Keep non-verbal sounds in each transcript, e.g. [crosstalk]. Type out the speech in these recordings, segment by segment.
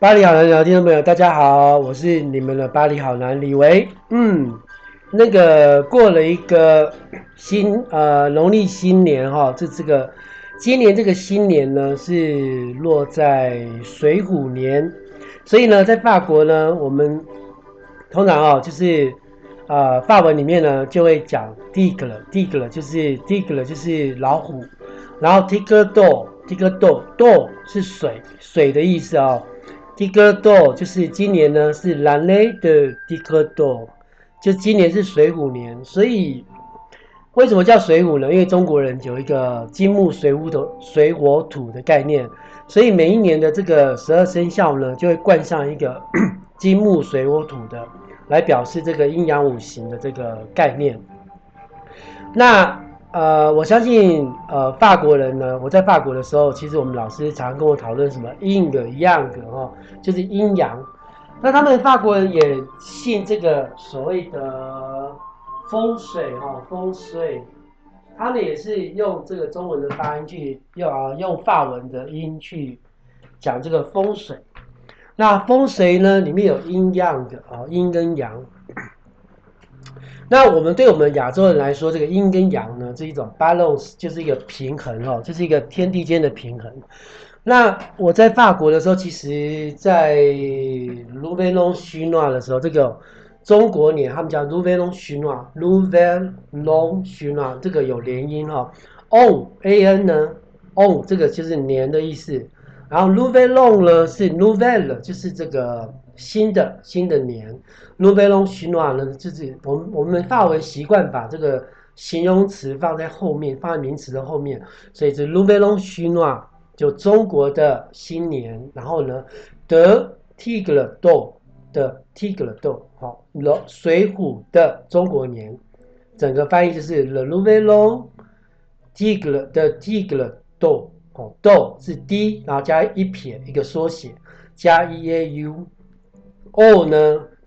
巴黎好男，你好，聽眾朋友，大家好，我是你們的巴黎好男李維。嗯，那個過了一個新呃農曆新年哈，這、哦、這個今年這個新年呢是落在水虎年，所以呢，在法國呢，我們通常啊、哦、就是啊、呃、法文裡面呢就會講 tigre，tigre 就是 tigre 就是老虎，然後 tigre d'eau，tigre d'eau，d'eau 是水水的意思哦。tigre d'eau 就是今年呢是藍雷的 tigre d'eau，就今年是水虎年，所以為什麼叫水虎呢？因為中國人有一個金木水水火土的概念，所以每一年的這個十二生肖呢，就會冠上一個 [coughs] 金木水火土的，來表示這個陰陽五行的這個概念。那呃，我相信，呃，法國人呢，我在法國的時候，其實我們老師常常跟我討論什麼陰格、陽格哦，就是陰陽。那他們法國人也信這個所謂的風水哦，風水，他們也是用這個中文的發音去用，啊，用法文的音去講這個風水。那風水呢，裡面有陰陽的啊、哦，陰跟陽。那我們對我們亞洲人來說，這個陰跟陽呢，這一種 balance 就是一個平衡哦，就是一個天地間的平衡。那我在法國的時候，其實在 le nouvel an chinois 的時候，這個中國年他們叫 le nouvel an chinois，le nouvel an chinois，這個有連音哈，on、哦、an 呢，an、哦、這個就是年的意思，然後 nouvel 呢是 nouvelle 就是這個新的新的年。le nouvel an chinois 呢，就是我們我們法文習慣把這個形容詞放在後面，放在名詞的後面，所以就 le nouvel an chinois 就中國的新年，然後呢，de tigre d'eau de tigre d'eau 好，水虎的中國年，整個翻譯就是 le nouvel an tigre de tigre d'eau，好，d'eau 是 d 然後加一撇一個縮寫加 e a u，o 呢？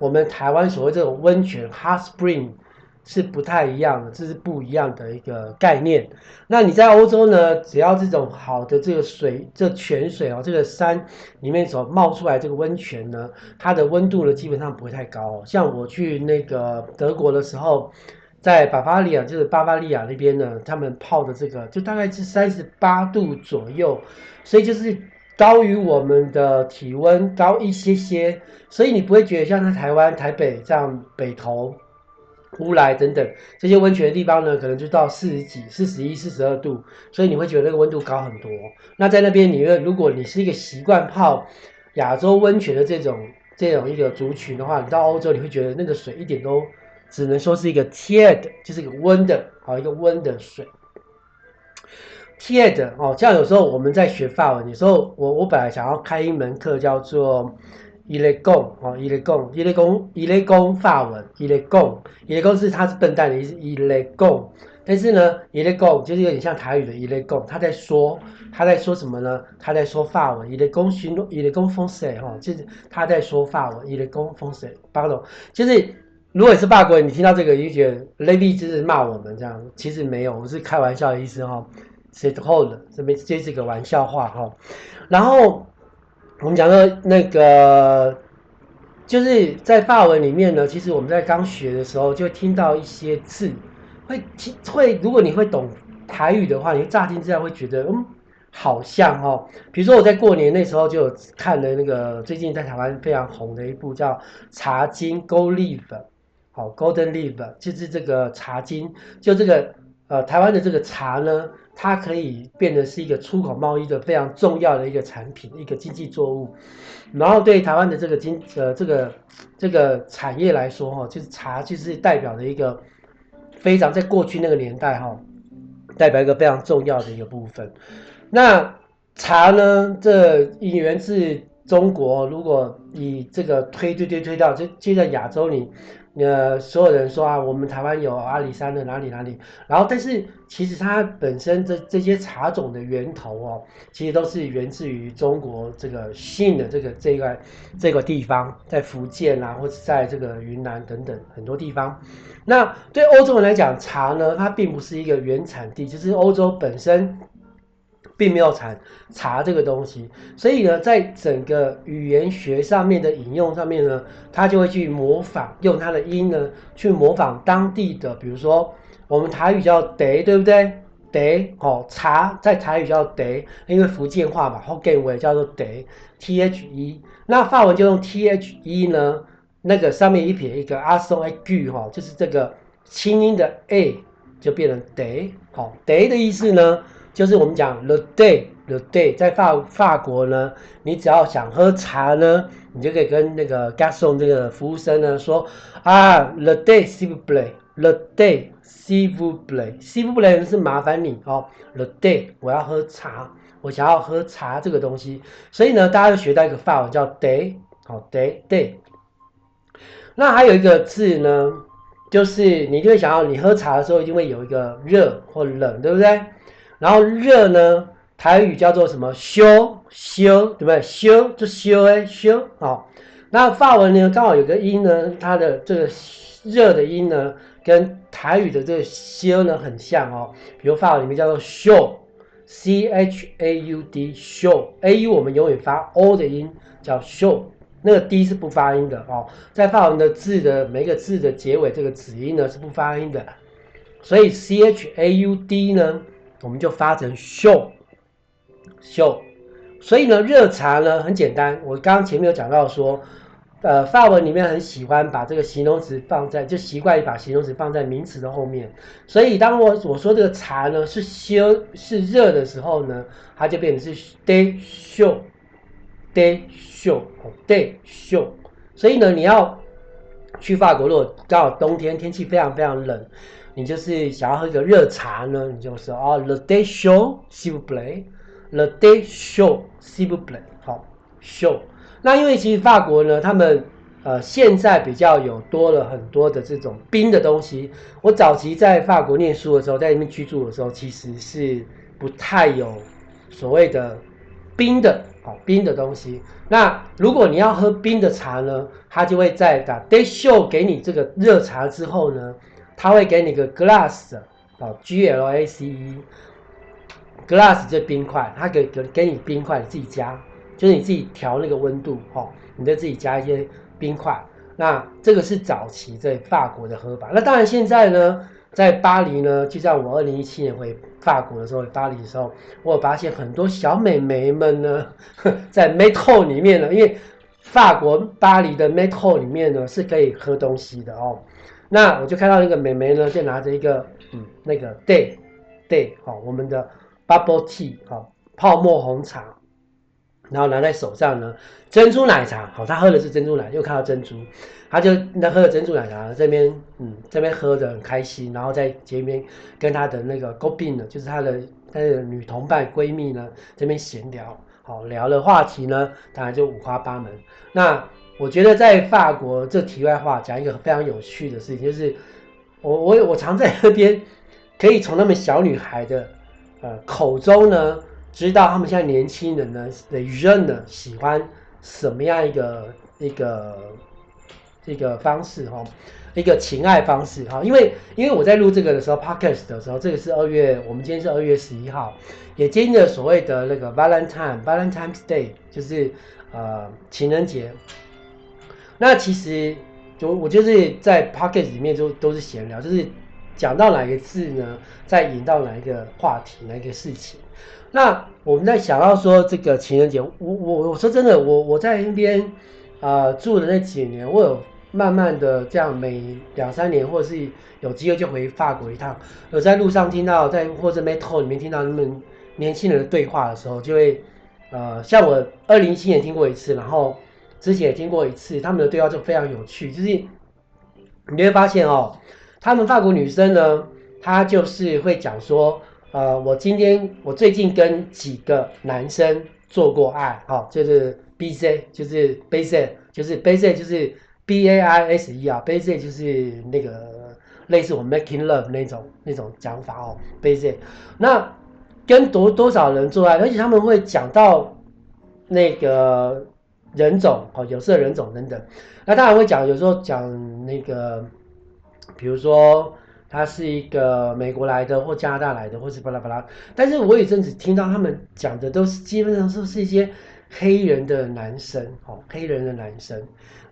我們台灣所謂這種溫泉 （hot spring） 是不太一樣的，這是不一樣的一個概念。那你在歐洲呢，只要這種好的這個水，這泉水哦，這個山裡面所冒出來這個溫泉呢，它的溫度呢基本上不會太高哦。像我去那個德國的時候，在巴伐利亞，就是巴伐利亞那邊呢，他們泡的這個就大概是三十八度左右，所以就是。高於我們的體溫高一些些，所以你不會覺得像在台灣台北這樣北投、烏來等等這些溫泉的地方呢，可能就到四十幾、四十一、四十二度，所以你會覺得那個溫度高很多。那在那邊，你如果你是一個習慣泡亞洲溫泉的這種這種一個族群的話，你到歐洲你會覺得那個水一點都只能說是一個 tiède，就是一個溫的好一個溫的水。貼的哦，像有時候我們在學法文。有時候我我本來想要開一門課叫做 “elecon” 哦 elecon elecon elecon 法文 elecon 是他是笨蛋的意思 elecon，但是呢，“elecon”、就是、有點像台語的 elecon 他在說他在說什麼呢？他在說法文，“elecon” elecon 哦，就是他在說法文，“elecon” 風神，懂？就是如果是法國人，你聽到這個你就覺得 “lady” 就是罵我們這樣，其實沒有，我是開玩笑的意思、哦 say o d 這邊這是一個玩笑話哈、哦，然後我們講到那個就是在法文裡面呢，其實我們在剛學的時候就會聽到一些字，會會如果你會懂台語的話，你乍聽之下會覺得嗯好像哦。比如說我在過年那時候就有看了那個最近在台灣非常紅的一部叫茶金《茶 Gold 金，哦、Golden Leaf》，好 Golden Leaf 就是這個茶金，就這個呃台灣的這個茶呢。它可以變成是一個出口貿易的非常重要的一個產品，一個經濟作物。然後對台灣的這個經呃這個這個產業來說，哈，就是茶就是代表的一個非常在過去那個年代，哈，代表一個非常重要的一個部分。那茶呢，這個、源自中國。如果你這個推推推推到，就就在亞洲裡。呃，所有人說啊，我們台灣有阿里山的哪裡哪裡，然後但是其實它本身這這些茶種的源頭哦，其實都是源自於中國這個西的這個這一塊這個地方，在福建啊，或者在這個雲南等等很多地方。那對歐洲人來講，茶呢，它並不是一個原產地，就是歐洲本身。並沒有查查這個東西，所以呢，在整個語言學上面的引用上面呢，它就會去模仿，用它的音呢去模仿當地的，比如說我們台語叫“ Day 對不對？“ Day 哦，茶，在台語叫“ Day，因為福建話嘛，後跟尾叫做“ Day T H E，那法文就用 T H E 呢，那個上面一撇一個 accent aigu”，哈，就是這個清音的 “a” 就變成 Day、哦“ Day，d 好，“ Day 的意思呢？就是我們講 the day the day 在法法國呢，你只要想喝茶呢，你就可以跟那個 garçon 這個服務生呢說啊 the day s'il vous plaît the day s'il vous plaît s'il vous plaît 是麻煩你哦 the、oh, day 我要喝茶，我想要喝茶這個東西，所以呢，大家就學到一個法文叫 day 好 day day，那還有一個字呢，就是你就會想要你喝茶的時候，一定會有一個熱或冷，對不對？然後熱呢，台語叫做什麼？咻咻，對不對？咻就咻哎、欸，咻哦。那法文呢，剛好有個音呢，它的這個熱的音呢，跟台語的這個咻呢很像哦。比如法文裡面叫做 show，c h a u d show a u 我們永遠發 o 的音叫 show，那個 d 是不發音的哦。在法文的字的每一個字的結尾，這個子音呢是不發音的，所以 c h a u d 呢。我們就發成 “show”，show，所以呢，熱茶呢很簡單。我剛剛前面有講到說，呃，法文裡面很喜歡把這個形容詞放在，就習慣把形容詞放在名詞的後面。所以當我我說這個茶呢是 “show” 是熱的時候呢，它就變成是 “day show”，“day show”，“day show”。所以呢，你要去法國，如果剛好冬天天氣非常非常冷。你就是想要喝一個熱茶呢？你就說哦，le thé chaud, s'il vous plaît, le thé chaud, s'il vous plaît，好 chaud。那因為其實法國呢，他們呃現在比較有多了很多的這種冰的東西。我早期在法國念書的時候，在那邊居住的時候，其實是不太有所謂的冰的哦，冰的東西。那如果你要喝冰的茶呢，他就會在打 thé chaud 給你這個熱茶之後呢。他會給你個 glass，哦，G L A C E，glass 就冰塊，他給給給你冰塊，你自己加，就是你自己調那個溫度，哦，你再自己加一些冰塊。那這個是早期在法國的喝法。那當然現在呢，在巴黎呢，就像我二零一七年回法國的時候，回巴黎的時候，我有發現很多小美眉們呢，在 metal 裡面呢，因為法國巴黎的 metal 裡面呢是可以喝東西的哦。那我就看到一個美眉呢，就拿着一個嗯，那個 day day 好，我們的 bubble tea 好、哦，泡沫紅茶，然後拿在手上呢，珍珠奶茶好、哦，她喝的是珍珠奶，又看到珍珠，她就那喝着珍珠奶茶，這邊嗯，這邊喝得很開心，然後在前面跟她的那個 copine 呢，就是她的她的女同伴閨蜜呢，這邊閒聊好、哦，聊的話題呢，當然就五花八門。那我覺得在法國，這題外話講一個非常有趣的事情，就是我我我常在那邊，可以從那麼小女孩的，呃，口中呢知道，他們現在年輕人呢的熱呢喜歡什麼樣一個一個這個方式哈，一個情愛方式哈，因為因為我在錄這個的時候 podcast 的時候，這個是二月，我們今天是二月十一號，也接近了所謂的那個 Valentine Valentine's Day，就是呃情人節。那其實，就我就得是在 podcast 裡面都都是閒聊，就是講到哪一個字呢，再引到哪一個話題，哪一個事情。那我們在想到說這個情人節，我我我說真的，我我在那邊啊、呃、住的那幾年，我有慢慢的這樣每兩三年或者是有機會就回法國一趟，有在路上聽到在或者 metro 裡面聽到他們年輕人的對話的時候，就會呃，像我二零一七年聽過一次，然後。之前也聽過一次，他們的對話就非常有趣，就是你會發現哦，他們法國女生呢，她就是會講說，呃，我今天我最近跟幾個男生做過愛，哦，就是 BZ，就是 baise 就是 baise 就是 B A I S E 啊 baise 就是那個類似我 making love 那種那種講法哦 baise 那跟多多少人做愛，而且他們會講到那個。人種哦，有色人種等等，那當然會講，有時候講那個，比如說他是一個美國來的或加拿大來的，或是巴拉巴拉。但是我也真的聽到他們講的都是基本上都是一些黑人的男生哦，黑人的男生，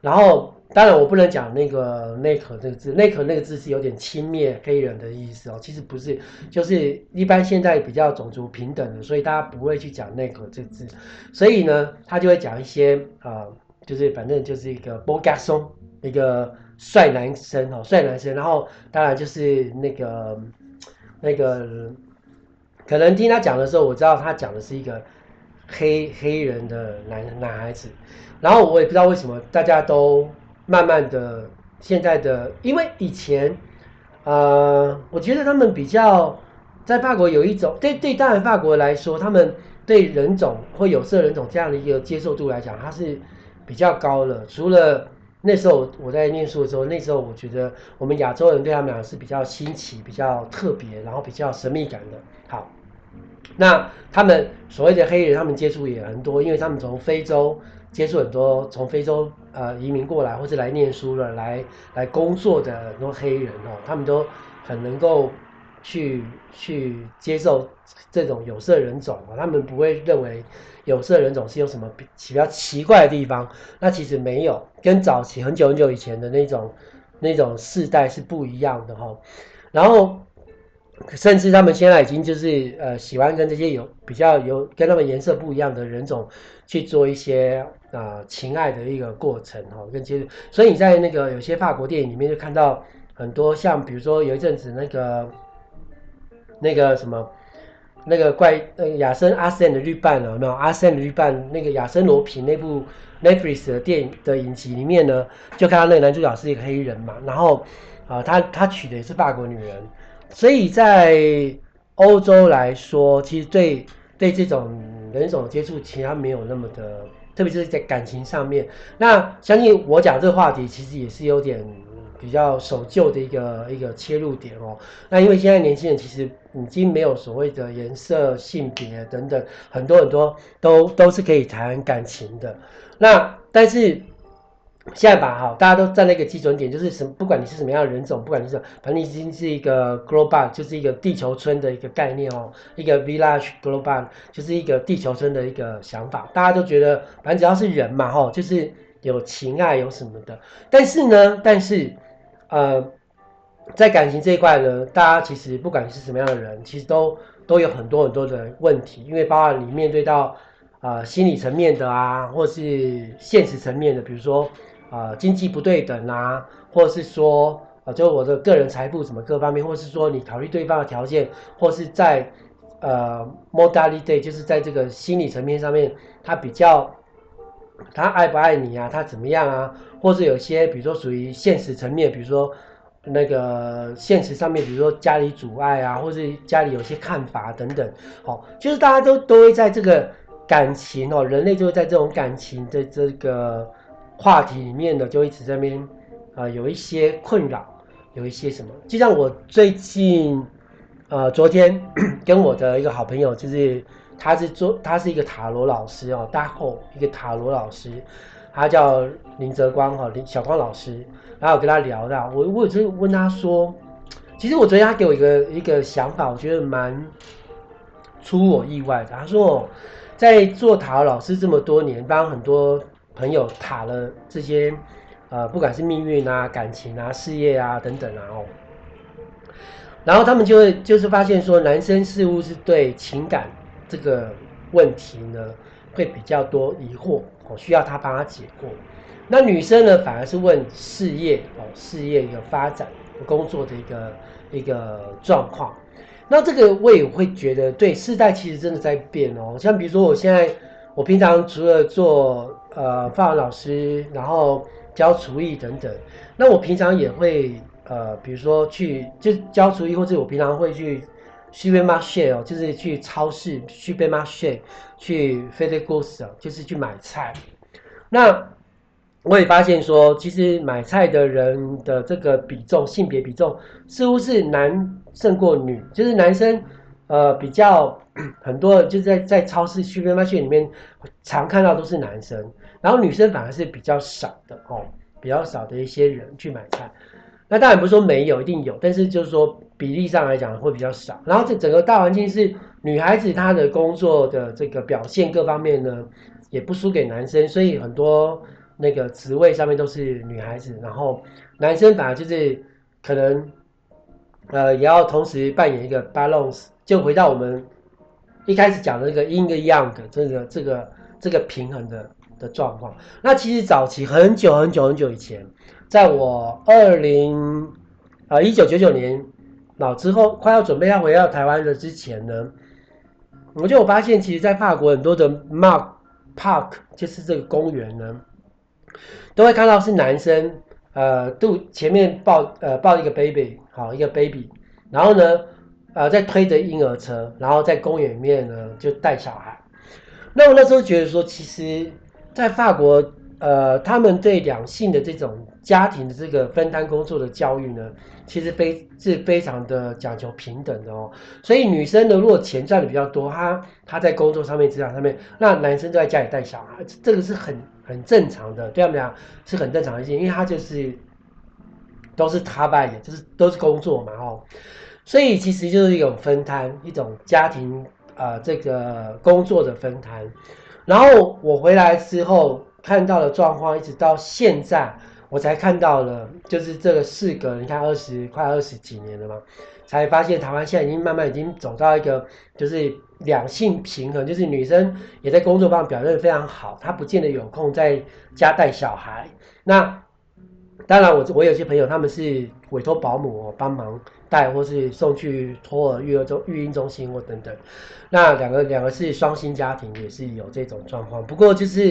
然後。當然，我不能講那個內核那這個字，內核那個字是有點輕蔑黑人的意思哦。其實不是，就是一般現在比較種族平等的，所以大家不會去講內核這個字。所以呢，他就會講一些啊、呃，就是反正就是一個 Bogason，一個帥男生哦，帥男生。然後當然就是那個那個，可能聽他講的時候，我知道他講的是一個黑黑人的男男孩子。然後我也不知道為什麼大家都。慢慢的，現在的，因為以前，呃，我覺得他們比較在法國有一種，對對，當然法國來說，他們對人種或有色人種這樣的一個接受度來講，它是比較高的。除了那時候我在念書的時候，那時候我覺得我們亞洲人對他們倆是比較新奇、比較特別，然後比較神秘感的。好，那他們所謂的黑人，他們接觸也很多，因為他們從非洲。接觸很多從非洲呃移民過來，或是來念書了，來來工作的很多黑人哦，他們都很能夠去去接受這種有色人種、哦，他們不會認為有色人種是有什麼比、比較奇怪的地方，那其實沒有，跟早期很久很久以前的那種那種世代是不一樣的哈、哦，然後。甚至他們現在已經就是呃喜歡跟這些有比較有跟他們顏色不一樣的人種去做一些啊、呃、情愛的一個過程哈、哦，跟接，所以你在那個有些法國電影裡面就看到很多像比如說有一陣子那個那個什麼那個怪呃亞森阿森的綠伴了沒有？阿森的綠伴那個亞森羅平那部 Netflix 的電影的影集裡面呢，就看到那個男主角是一個黑人嘛，然後啊、呃、他他娶的也是法國女人。所以在歐洲來說，其實對對這種人手的接觸，其實沒有那麼的，特別是在感情上面。那相信我講這個話題，其實也是有點比較守舊的一個一個切入點哦、喔。那因為現在年輕人其實已經沒有所謂的顏色、性別等等，很多很多都都是可以談感情的。那但是。下一把哈，大家都站在一個基準點，就是什麼，不管你是什麼樣的人種，不管你是什麼，反正已經是一個 global 就是一個地球村的一個概念哦，一個 village global 就是一個地球村的一個想法。大家都覺得，反正只要是人嘛，吼，就是有情愛有什麼的。但是呢，但是，呃，在感情這一塊呢，大家其實不管你是什麼樣的人，其實都都有很多很多的問題，因為包括你面對到呃心理層面的啊，或是現實層面的，比如說。啊、呃，經濟不對等啊，或者是說，啊、呃，就我的個人財富什麼各方面，或者是說你考慮對方的條件，或是在，呃，modality，就是在這個心理層面上面，他比較，他愛不愛你啊，他怎麼樣啊？或者有些，比如說屬於現實層面，比如說那個現實上面，比如說家裡阻礙啊，或者家裡有些看法等等。哦，就是大家都都會在這個感情哦，人類就會在這種感情的這個。話題裡面的就一直在那邊，啊、呃，有一些困擾,有一些什麼？就像我最近，呃，昨天跟我的一個好朋友，就是他是做他是一個塔羅老師哦，大後一個塔羅老師，他叫林澤光哈，林、哦、小光老師。然後我跟他聊到，我我就問他說，其實我昨天他給我一個一個想法，我覺得蠻出我意外的。他說，哦、在做塔羅老師這麼多年，幫很多。朋友塔了這些、呃，不管是命運啊、感情啊、事業啊等等，然後，然後他們就會就是發現說，男生似乎是對情感這個問題呢，會比較多疑惑，我、哦、需要他幫他解過。那女生呢，反而是問事業哦，事業一個發展、工作的一個一個狀況。那這個我也會覺得，對，時代其實真的在變哦。像比如說，我現在我平常除了做。呃，髮型老師，然後教廚藝等等。那我平常也會呃，比如說去就教廚藝，或者我平常會去 supermarket 哦，就是去超市 supermarket 去 fill the goods 哦，就是去買菜。那我也發現說，其實買菜的人的這個比重，性別比重似乎是男勝過女，就是男生呃比較很多，就在在超市 supermarket 裡面常看到都是男生。然後女生反而是比較少的哦，比較少的一些人去買菜。那當然不是說沒有，一定有，但是就是說比例上來講會比較少。然後這整個大環境是女孩子她的工作的這個表現各方面呢也不輸給男生，所以很多那個職位上面都是女孩子，然後男生反而就是可能呃也要同時扮演一個 balance。就回到我們一開始講的那個 yin and yang 這個這個這個平衡的的狀況，那其實早期很久很久很久以前，在我二零、呃，呃一九九九年，老之後快要準備要回到台灣的之前呢，我就發現，其實在法國很多的 mark park，就是這個公園呢，都會看到是男生，呃，都前面抱呃抱一個 baby，好一個 baby，然後呢，呃在推着嬰兒車，然後在公園裡面呢就帶小孩。那我那時候覺得說，其實。在法國，呃，他們對兩性的這種家庭的這個分擔工作的教育呢，其實非是非常的講求平等的哦。所以女生呢，如果錢賺的比較多，她她在工作上面，職場上面，那男生都在家裡帶小孩，這個是很很正常的，對他們講是很正常的事情，因為他就是都是他扮的就是都是工作嘛哦。所以其實就是一種分攤一種家庭啊、呃，這個工作的分攤。然後我回來之後看到的狀況，一直到現在我才看到了，就是這個四個，你看二十快二十幾年了嘛，才發現台灣現在已經慢慢已經走到一個就是兩性平衡，就是女生也在工作上表現非常好，她不見得有空在家帶小孩。那當然我，我我有些朋友他們是委托保姆幫忙。帶或是送去托兒育兒中育嬰中心或等等，那兩個兩個是雙薪家庭也是有這種狀況。不過就是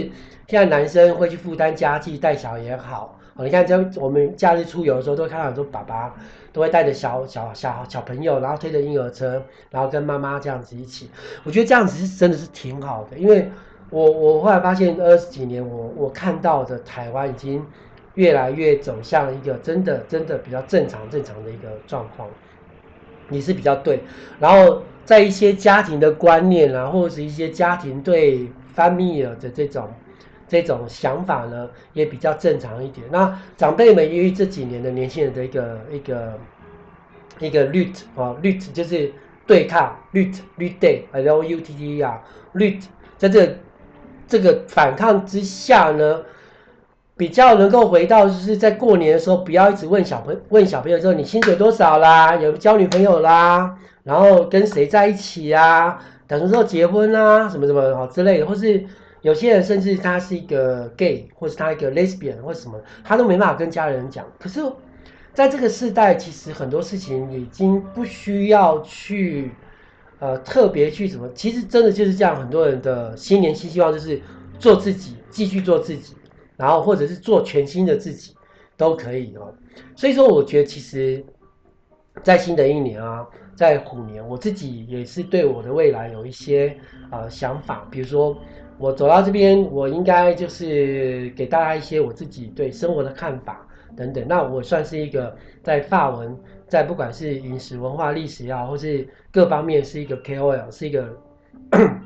現在男生會去負擔家計帶小也好，你看這樣我們假日出遊的時候都會看到很多爸爸都會帶着小小小小朋友，然後推着嬰兒車，然後跟媽媽這樣子一起。我覺得這樣子是真的是挺好的，因為我我後來發現二十幾年我我看到的台灣已經。越來越走向一個真的真的比較正常正常的一個狀況，你是比較對。然後在一些家庭的觀念啊，或者是一些家庭對 family 的這種這種想法呢，也比較正常一點。那長輩們因為這幾年的年輕人的一個一個一個 lutte 哦、啊、lutte 就是對抗 lutte, lutte, L-U-T-T-E 啊，然後 U T D 啊 lutte 在這個、這個反抗之下呢。比較能夠回到就是在過年的時候，不要一直問小朋友問小朋友，說你薪水多少啦，有沒有交女朋友啦，然後跟誰在一起啊，等什麼時候結婚啊，什麼什麼好之類的，或是有些人甚至他是一個 gay，或是他一個 lesbian，或者什麼，他都沒辦法跟家人講。可是在這個世代，其實很多事情已經不需要去呃特別去怎麼，其實真的就是這樣，很多人的新年新希望就是做自己，繼續做自己。然後，或者是做全新的自己，都可以哦。所以說，我覺得其實，在新的一年啊，在虎年，我自己也是對我的未來有一些、呃、想法。比如說，我走到這邊，我應該就是給大家一些我自己對生活的看法等等。那我算是一個在發文，在不管是飲食文化、歷史啊，或是各方面，是一個 KOL，是一個。 [coughs]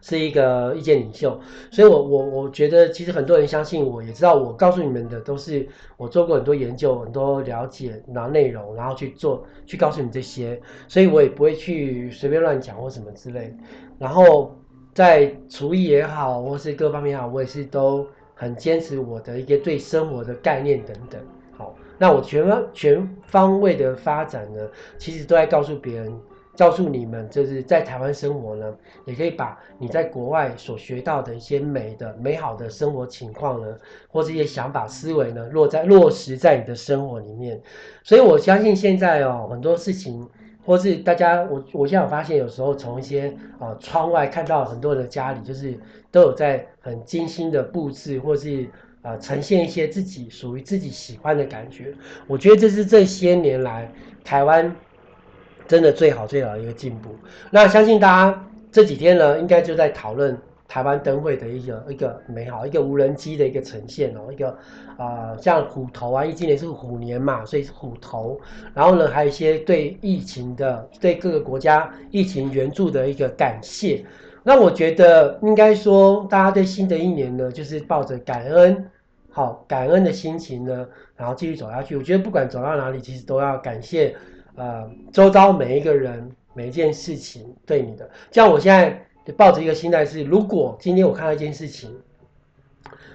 是一個意見領袖，所以我我我覺得其實很多人相信我，也知道我告訴你們的都是我做過很多研究、很多了解、然後內容，然後去做去告訴你這些，所以我也不會去隨便亂講或什麼之類的。然後在廚藝也好，或是各方面啊，我也是都很堅持我的一個對生活的概念等等。好，那我全方全方位的發展呢，其實都在告訴別人。告訴你們，就是在台灣生活呢，也可以把你在國外所學到的一些美的、美好的生活情況呢，或是一些想法、思維呢，落在落實在你的生活裡面。所以我相信現在哦，很多事情，或是大家，我我現在發現，有時候從一些啊、呃、窗外看到很多人的家裡，就是都有在很精心的佈置，或是啊、呃、呈現一些自己屬於自己喜歡的感覺。我覺得這是這些年來台灣。真的最好最好的一個進步，那相信大家這幾天呢，應該就在討論台灣燈會的一個一個美好，一個無人機的一個呈現哦、喔，一個啊、呃、像虎頭啊，因為今年是虎年嘛，所以是虎頭，然後呢還有一些對疫情的對各個國家疫情援助的一個感謝。那我覺得應該說，大家對新的一年呢，就是抱着感恩好感恩的心情呢，然後繼續走下去。我覺得不管走到哪裡，其實都要感謝。呃，周遭每一個人、每一件事情對你的，像我現在抱着一個心態是：如果今天我看到一件事情，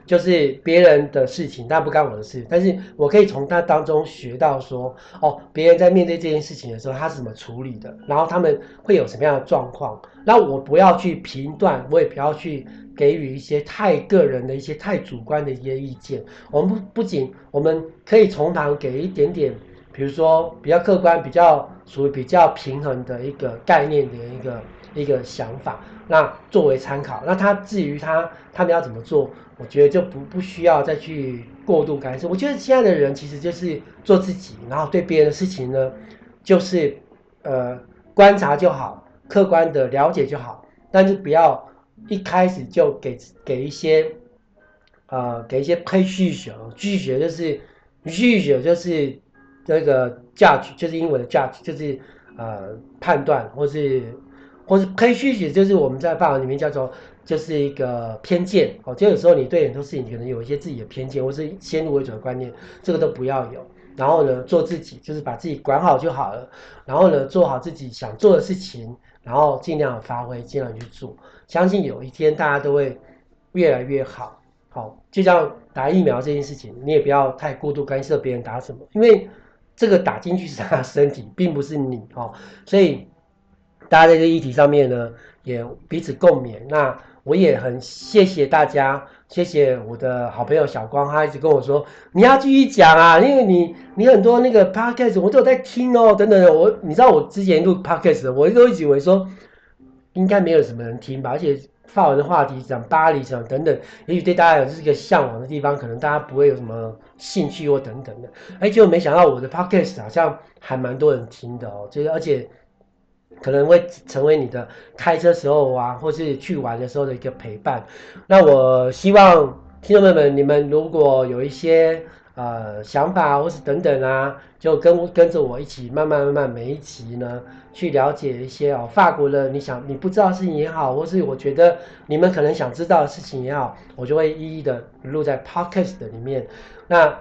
就是別人的事情，但不干我的事，但是我可以從他當中學到說，哦，別人在面對這件事情的時候，他是怎麼處理的，然後他們會有什麼樣的狀況，那我不要去評斷，我也不要去給予一些太個人的一些太主觀的一些意見。我們不不僅我們可以從旁給一點點。比如說，比較客觀、比較屬於比較平衡的一個概念的一個一個想法，那作為參考。那他至於他他們要怎麼做，我覺得就不不需要再去過度干涉。我覺得現在的人其實就是做自己，然後對別人的事情呢，就是呃觀察就好，客觀的了解就好，但是不要一開始就給給一些呃給一些排斥性拒絕，就是拒絕就是。這、那個 judge 就是英文的 judge，就是呃判斷，或是或是可以虛指，就是我們在法文裡面叫做就是一個偏見哦。就有時候你對很多事情可能有一些自己的偏見，或是先入為主的觀念，這個都不要有。然後呢，做自己就是把自己管好就好了。然後呢，做好自己想做的事情，然後盡量發揮，盡量去做。相信有一天大家都會越來越好。好、哦，就像打疫苗這件事情，你也不要太過度干涉別人打什麼，因為。這個打進去是他的身體，並不是你哦，所以大家在這個議題上面呢，也彼此共勉。那我也很謝謝大家，謝謝我的好朋友小光，他一直跟我說，你要繼續講啊，因為你你，很多那個 podcast 我都有在聽哦，等等我，你知道我之前錄 podcast，我都一以為說應該沒有什麼人聽吧，而且。發文的話題，講巴黎，講等等，也許對大家有這個向往的地方，可能大家不會有什麼興趣或等等的。哎，結果沒想到我的 podcast 好像還蠻多人聽的哦，就是而且可能會成為你的開車時候啊，或是去玩的時候的一個陪伴。那我希望聽眾朋友們，你們如果有一些。呃，想法或是等等啊，就跟跟着我一起，慢慢慢慢，每一集呢，去了解一些哦。法國的，你想你不知道事情也好，或是我覺得你們可能想知道的事情也好，我就會一一的錄在 podcast 裡面。那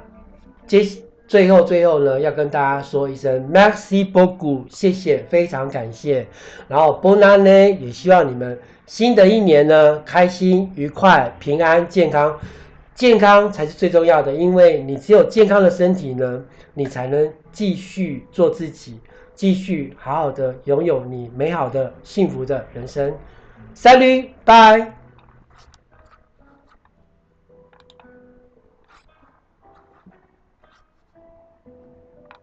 接最後最後呢，要跟大家說一聲，Merci beaucoup，謝謝，非常感謝。然後 Bonne année 呢，也希望你們新的一年呢，開心、愉快、平安、健康。健康才是最重要的，因為你只有健康的身體呢，你才能繼續做自己，繼續好好的擁有你美好的幸福的人生。Salut, bye。